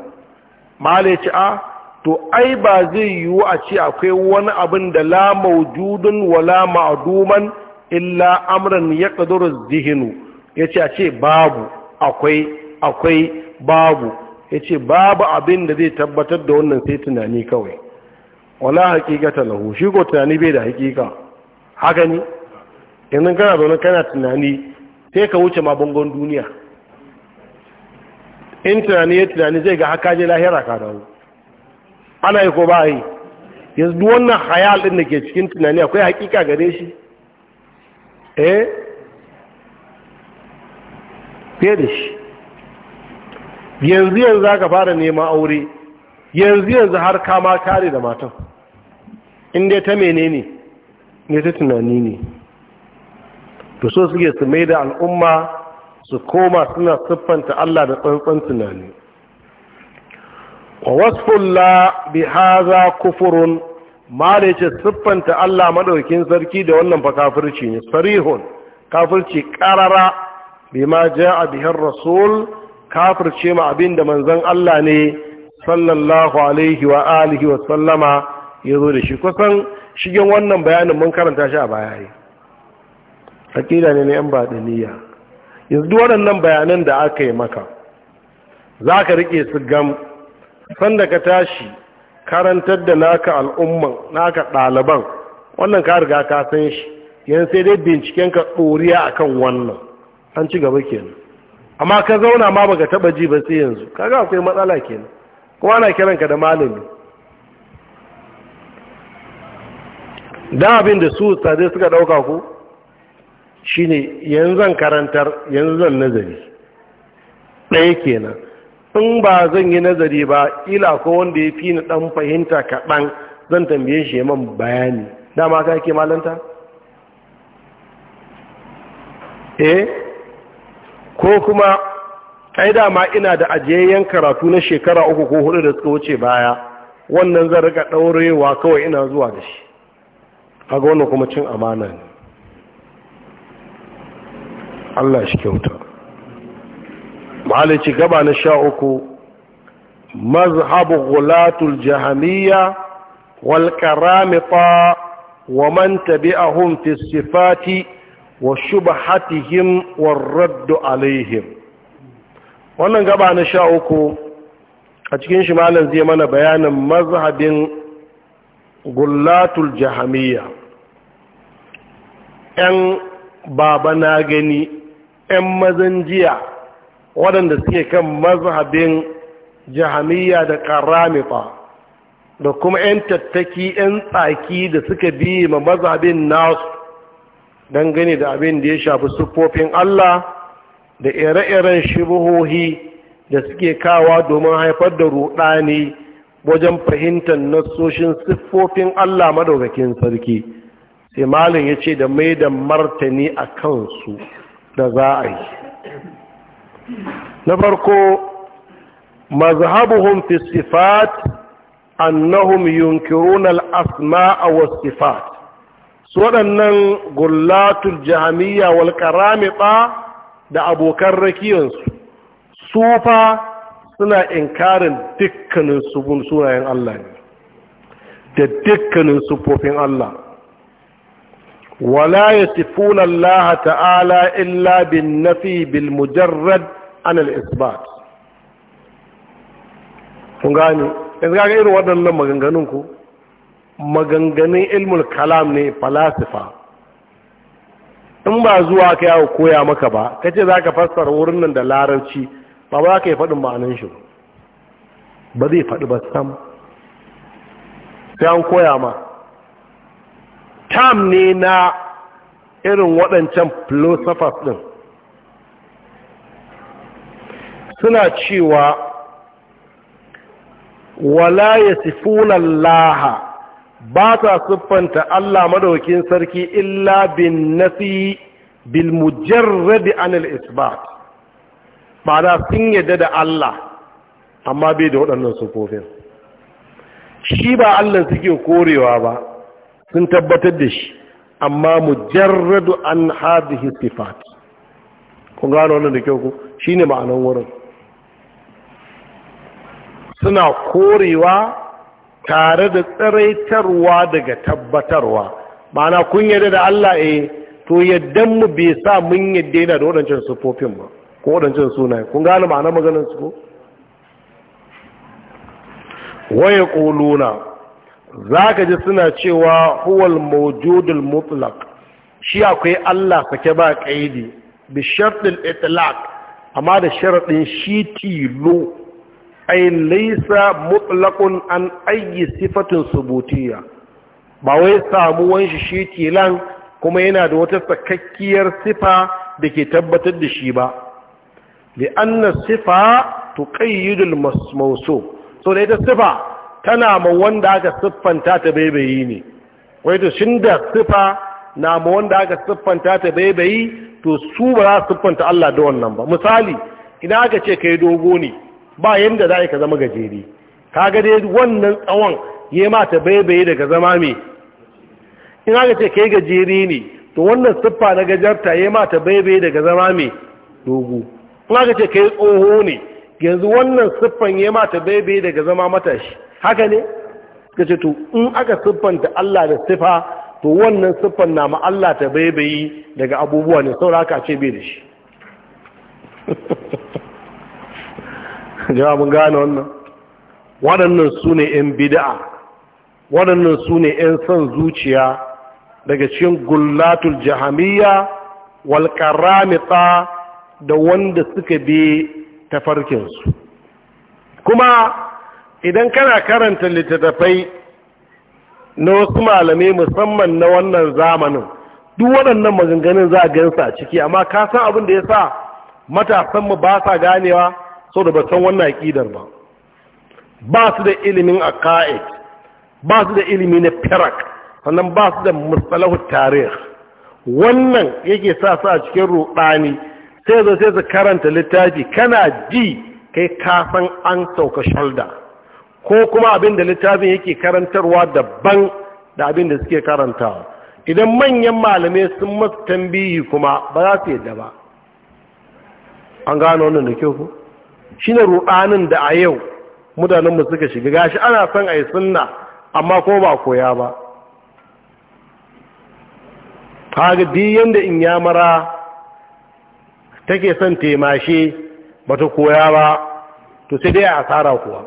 Speaker 1: malai ci a ah, to ai ba zai yiwu a ce akwai wani abin da la maujudun wala ma'duman illa amran ya zihnu yace ya ce a ce babu akwai akwai babu ya ce babu abin da zai tabbatar da wannan sai tunani kawai wala haqiqata lahu shi ko tunani bai da hakika haka ne idan kana zaune kana tunani sai ka wuce ma bangon duniya in tunani ya tunani zai ga haka je lahira ka dawo ana yi ko ba yi yanzu wannan hayal ɗin da ke cikin tunani akwai hakika gare shi eh fiye da shi yanzu yanzu aka fara neman aure yanzu yanzu har kama kare da matan inda ta menene ne ta tunani ne da so suke su mai da al'umma su koma suna siffanta Allah da tsantsan tunani wa wasfulla bi haza kufurun ma da yace siffanta Allah maɗaukin sarki da wannan fa kafirci ne sarihun kafirci qarara bima jaa bihar rasul kafirce ma abinda manzon Allah ne sallallahu alaihi wa alihi wa sallama yazo da shi kusan shigen wannan bayanin mun karanta shi a baya ne akida ne na yan badaniya yanzu waɗannan bayanan da aka yi maka za ka riƙe su gam sanda ka tashi karantar da naka al'umman naka ɗaliban wannan ka riga ka san shi yan sai dai binciken ka ɗoriya akan wannan an ci gaba kenan amma ka zauna ma baka taba ji ba sai yanzu kaga akwai matsala kenan kuma ana kiranka da malami da abin da su tsade suka ɗauka ku shine yanzu karantar yanzu nazari ɗaya kenan in ba zan yi nazari ba ila ko wanda ya fi ni ɗan fahimta kaɗan zan tambaye shi man bayani dama ka yake malanta? eh ko kuma ai dama ina da ajiyayyen karatu na shekara uku ko hudu da suka wuce baya wannan zan rika ɗaurewa kawai ina zuwa da shi A ga wannan kuma cin amana ne Allah shi kyauta mahalici gaba na sha uku mazhabu gulatul jahamiya wal karamita wa man tabi'ahum fi sifati wa shubhatihim war raddu alaihim wannan gaba na sha uku a cikin shi malam zai mana bayanin mazhabin gulatul jahamiya yan baba na gani yan mazan jiya waɗanda suke kan mazhabin jahamiya da karamita da kuma 'yan tattaki 'yan tsaki da suka bi ma mazhabin nasu don gani da abin da ya shafi siffofin Allah da ire-iren shibuhohi da suke kawa domin haifar da ruɗani wajen fahimtar nasoshin siffofin Allah madaukakin sarki sai malin ya ce da mai da martani a kansu da za a yi na farko mazhabuhum fi sifat annahum yunkiruna al-asma'a was sifat su waɗannan gullatul jahamiyya wal karamita da abokan rakiyansu su fa suna inkarin dukkanin subun sunayen Allah ne da dukkanin sufofin Allah wala yasifuna Allah ta'ala illa bin nafi bil mujarrad anal isbat kun gani yanzu ga irin waɗannan maganganun ku maganganun ilmul kalam ne falasifa in ba zuwa ka yawo koya maka ba kace za ka fassara wurin nan da larabci ba ba ka yi faɗin ma'anin shi ba zai faɗi ba sam sai an koya ma tam ne na irin waɗancan philosophers ɗin suna cewa wala ya sifunan laha ba ta siffanta Allah madaukin sarki illa bin nafi bil mujarradi anil isbat ma'ana sun yadda da Allah amma bai da waɗannan sufofin shi ba Allah suke korewa ba sun tabbatar da shi amma mujarradu an hadhihi sifat kun gano wannan da kyau ku ne ma'anan wurin suna korewa tare da tsaraitarwa daga tabbatarwa ma'ana kun yadda da Allah eh to yaddan mu bai sa mun yadda yana da waɗancan sufofin ba ko waɗancan sunaye kun gane ma'ana maganar su ko waya ƙoluna za ka ji suna cewa huwal mawjudul mutlaq shi akwai Allah sake ba ƙaidi bi ɗin itlaq amma da shara shi tilo ay laisa mutlaqun an ayyi sifatin subutiyya ba wai samuwan shi shi tilan kuma yana da wata sakakkiyar sifa da ke tabbatar da shi ba li'anna sifa tuqayyidu al-mawsuf so da ita sifa tana ma wanda aka siffanta ta baibayi ne wai to shinda sifa na ma wanda aka siffanta ta baibayi to su ba za su siffanta Allah da wannan ba misali idan aka ce kai dogo ne ba yadda za a yi ka zama gajeri ka gade wannan tsawon ya ma ta baibaye daga zama mai in haka ce kai gajeri ne to wannan siffa na gajarta ya ma ta baibaye daga zama mai dogo in haka ce kai tsoho ne yanzu wannan siffan ya ma ta baibaye daga zama matashi haka ne ka ce to in aka siffanta Allah da siffa to wannan siffan na ma Allah ta baibaye daga abubuwa ne sauraka ce bai da shi jama mun gane wannan waɗannan su ne 'yan bida'a waɗannan su ne 'yan son zuciya daga cikin gullatul jahamiyya walƙaramita da wanda suka bi tafarkinsu kuma idan kana karanta littattafai na wasu malamai musamman na wannan zamanin duk waɗannan maganganun za a gansa a ciki amma kasan abin da ya sa matasanmu ba sa ganewa so da san wannan aƙidar ba ba su da ilimin a ka'id ba su da ilimi na firak sannan ba su da mustalahu tarih wannan yake sa sa cikin rudani sai zo sai su karanta littafi kana ji kai ka san an sauka shalda ko kuma abin da littafin yake karantarwa daban da abin da suke karantawa idan manyan malamai sun masu tambiyi kuma ba za su yadda ba an gano wannan da kyau ku shine rudanin da a yau mutanenmu suka shiga gashi ana son a yi sunna amma ko ba koya ba kaga di yanda in mara take son taimashe bata koya ba to sai dai a asara kuwa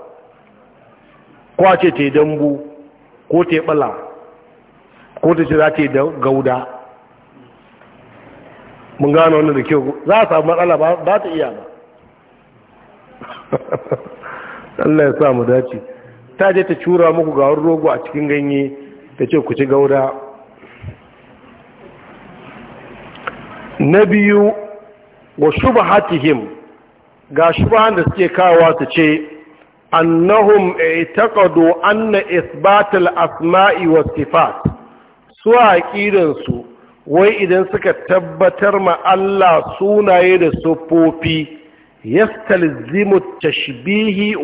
Speaker 1: ko a ce te dambu ko te bala ko ta ce za ta yi gauda mun gano wannan da kyau za a samu matsala ba ta iya ba Allah ya sa mu dace ta je ta cura muku gawar rogo a cikin ganye ta ce ku ci gauda na biyu wa shubahatihim ga shubahan da suke kawo su ce annahum i'taqadu anna isbat asmai wa sifat su aqidan su wai idan suka tabbatar ma Allah sunaye da sufofi yastalzimu tashbihi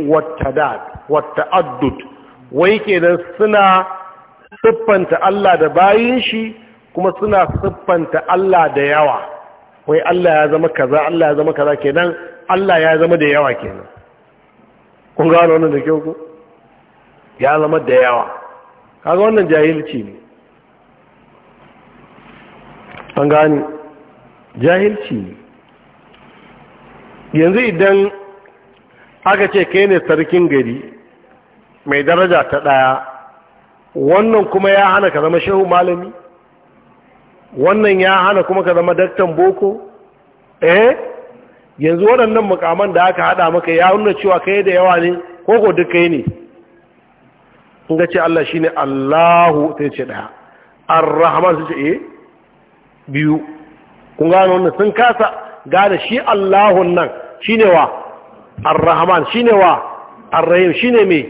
Speaker 1: wata addud wai kenan suna siffanta Allah da bayin shi kuma suna siffanta Allah da yawa wai Allah ya zama kaza Allah ya zama kaza kenan Allah ya zama da yawa kenan kun gano wannan da kyau ku ya zama da yawa kaga wannan jahilci ne an gani jahilci ne yanzu idan aka ce kai ne sarkin gari mai daraja ta ɗaya wannan kuma ya hana ka zama shehu malami wannan ya hana kuma ka zama daktan boko eh yanzu waɗannan mukaman da aka haɗa maka ya nuna cewa kai da yawa ne ko ko duk kai ne in ga ce Allah shine Allahu sai ce ɗaya ar-rahman sai ce eh biyu kun gano wannan sun kasa gane shi Allahun nan shine wa Ar-Rahman shine wa Ar-Rahim shine me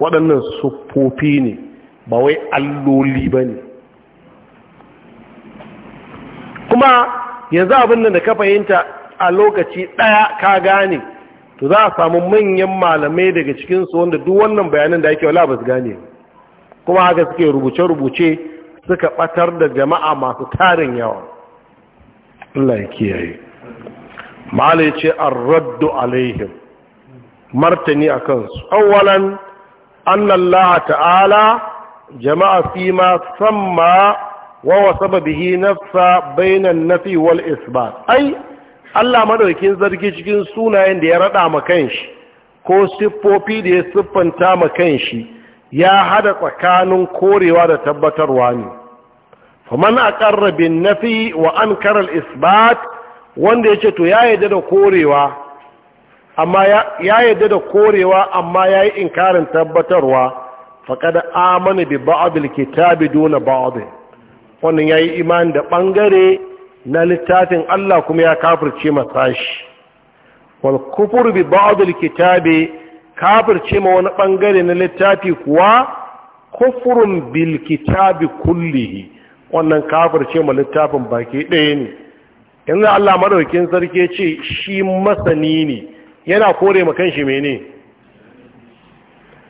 Speaker 1: waɗannan sufofi ne ba wai alloli ba ne. kuma yanzu abin da ka fahimta a lokaci ɗaya ka gane to za a samu manyan malamai daga cikinsu wanda duk wannan bayanan da ake wala ba su gane kuma haka suke rubuce-rubuce suka ɓatar da jama'a masu tarin yawa Allah ya kiyaye mala ya ce an raddu alaihim martani a kansu Auwalan annallaha ta'ala jama'a fi ma samma wa wasaba bihi nafsa bainan nafi wal isbat ai Allah madaukin zargi cikin sunayen da ya rada ma kanshi ko siffofi da ya siffanta ma kanshi ya hada tsakanin korewa da tabbatarwa ne faman aqarra bin nafi wa ankara al isbat wanda yace to ya yadda da korewa amma ya yadda da korewa amma yayi inkarin tabbatarwa faqad amana bi ba'd al kitabi duna ba'd wannan yayi imani da bangare na littafin Allah kuma ya kafirce masa shi wal kufur bi ba'd al kitabi kafirce ma wani bangare na littafi kuwa kufurun bil kitabi kullihi wannan kafirce ma littafin baki ɗaya ne yanzu Allah maɗaukin sarki ce shi masani ne yana kore ma kanshi mene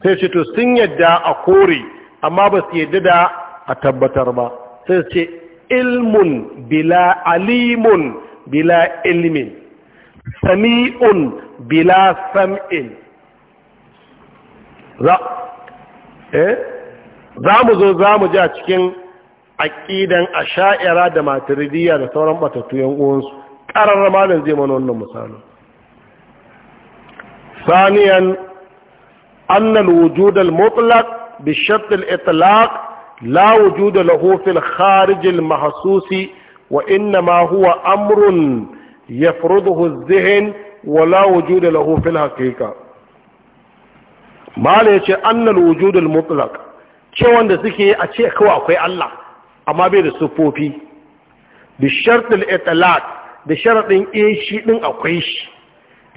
Speaker 1: sai ce to sun yadda a kore amma ba su yadda da a tabbatar ba sai ce ilmun bila alimun bila ilmin sami'un bila sam'in za eh? mu zo za mu ji a cikin a asha'ira da maturidiyya da sauran batattu yan uwansu karar zai mana wannan misali saniyan annal wujudal al mutlaq bi shart al itlaq la wujud lahu fil kharij al mahsusi wa inma huwa amrun yafruduhu al dhihn wa la wujud lahu fil haqiqa malam yace annal wujud al mutlaq ce wanda suke a ce kawai akwai Allah amma bai da sufofi da shartul italak da sharaɗin eh shi ɗin akwai shi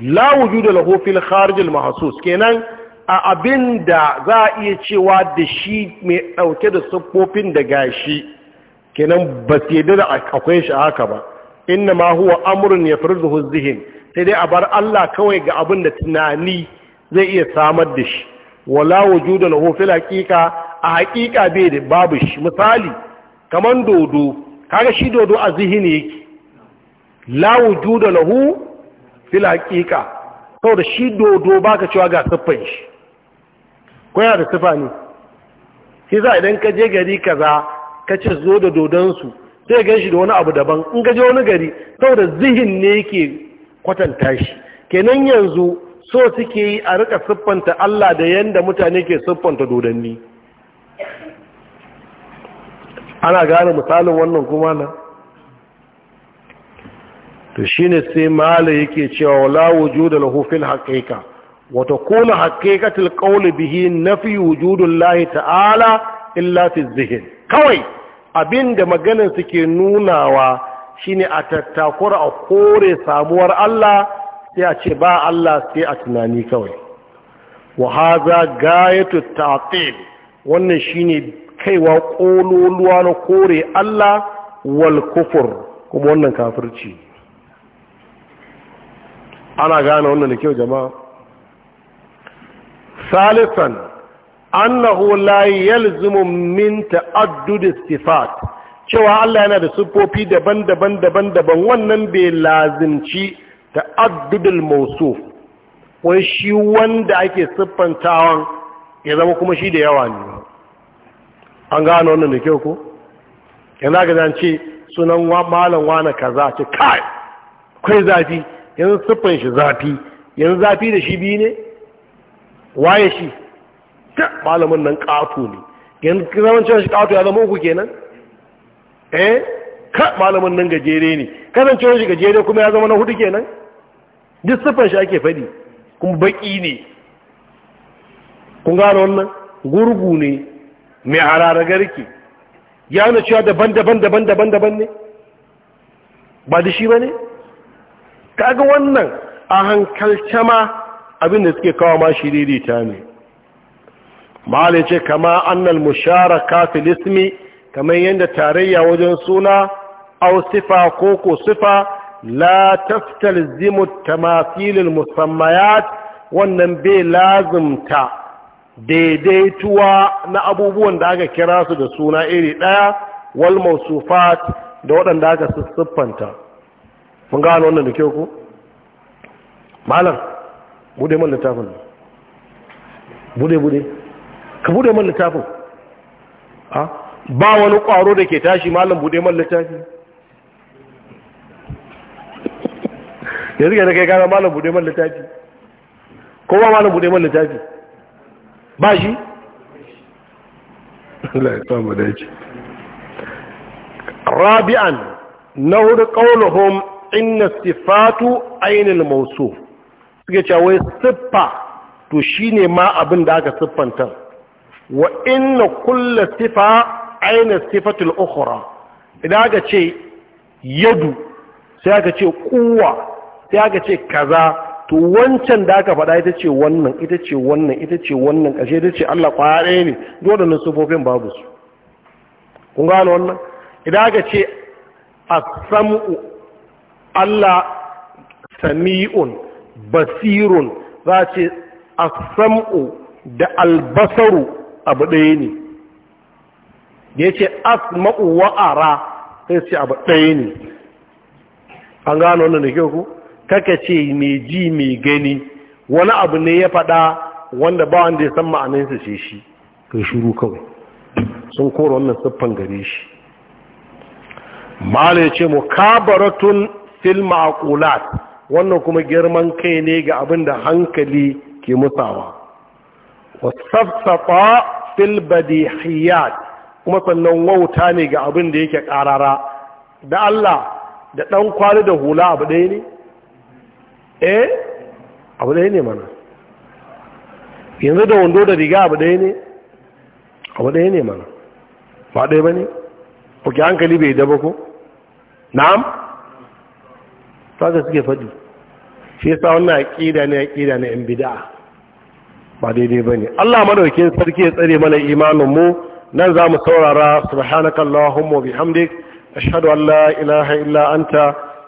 Speaker 1: la wuju da lahofin kharij mahasus kenan a abinda za a iya cewa da shi mai ɗauke da sufofin da gashi kenan ba sai da akwai shi haka ba inna ma huwa Amurin amrun yafrizuhu huzihin sai dai a bar Allah kawai ga abin da tunani zai iya samar da shi wala wujuda lahu fil haqiqa a haqiqa bai da babu shi misali kaman dodo kaga shi dodo a zihini yake la wujuda lahu fil haqiqa da shi dodo baka cewa ga siffan shi ko da siffa ne shi za idan ka je gari kaza ka ce zo da dodonsu, su sai gan shi da wani abu daban in ka je wani gari da zihin ne yake kwatanta shi kenan yanzu so suke yi a rika siffanta Allah da yanda mutane ke siffanta dodanni ana gane misalin wannan kuma na to shine sai mala yake cewa wala wujuda lahu wata kona wa ƙaunar haqiqatul na fi nafi wujudillahi ta'ala illa fi kawai abinda maganar suke nunawa shine a tattakura a kore samuwar Allah sai a ce ba Allah sai a tunani kawai wa hadha gayatu ta'til wannan shine kaiwa ƙololuwa na kore Allah wal kufur kuma wannan kafirci ana gane wannan da kyau jama'a salisan annahu la yalzimu min ta'addud istifat cewa Allah yana da siffofi daban-daban daban-daban wannan bai lazimci ta'addudul mawsuf wai shi wanda ake siffantawan ya zama kuma shi da yawa ne an gano wannan da kyau ko yanzu ga zan ce sunan malam wani kaza ce kai kai zafi yanzu siffin shi zafi yanzu zafi da shi biyu ne waye shi ta malamin nan kato ne yanzu zaman cewa shi kato ya zama uku kenan eh ka malamin nan gajere ne kasancewar shi gajere kuma ya zama na hudu kenan duk siffin shi ake faɗi kuma baƙi ne kun gano wannan gurgu ne mai ki. ya nuna cewa daban-daban daban-daban daban ne ba da shi ba ne kaga wannan a hankalce ma abinda suke kawo ma shi daidaita ne mahalin ce kama annal mushara kafin ismi kamar yadda tarayya wajen suna au sifa ko ko sifa la taftal zimu tamafilin musammayat wannan bai lazimta daidaituwa na abubuwan da aka kira su da suna iri ɗaya wal mausufat da waɗanda aka siffanta mun gano wannan da ke ku malam bude man littafin bude bude ka bude man littafin ha ba wani ƙwaro da ke tashi malam bude man littafin yanzu ga da kai gana malam bude man littafin ko ba malam bude man littafin ba shi Allah ya samu yake. rabi'an na hudu inna sifatu ainul mawsuf suke cewa wai siffa to shine ma abin da aka siffanta wa inna kullu sifa aina sifatul ukhra idan aka ce yadu sai aka ce kuwa sai aka ce kaza to wancan da aka faɗa ita ce wannan ita ce wannan ita ce wannan ƙashe ita ce Allah ƙware ne dole ne sufofin babu su kun gano wannan idan aka ce a samu Allah sami'un basirun za a ce a samu da albasaru abu ɗaya ne da ya ce asma'u wa'ara sai ce abu ɗaya ne an gano wannan da kyau ku kaka ce mai ji mai gani wani abu ne ya faɗa wanda ba wanda ya san ma'aninsa ce shi kai shuru kawai sun kora wannan siffan gare shi mala ya ce mukabaratun fil ma'qulat wannan kuma girman kai ne ga abin da hankali ke musawa wasafsafa fil badihiyat kuma sannan wauta ne ga abin da yake ƙarara da Allah da dan kwali da hula abu ɗaya ne eh abu ɗaya ne mana yanzu da wando da riga abu ɗaya ne abu ɗaya ne mana ba ɗaya ba ne oke hankali bai daba ko na'am saka suke faɗi shi yasa wannan aƙida ne aƙida na 'yan bida'a ba daidai ba ne allah madaukin sarki ya tsare mana imaninmu nan za mu saurara subhanakallahumma bihamdik ashhadu an la ilaha illa anta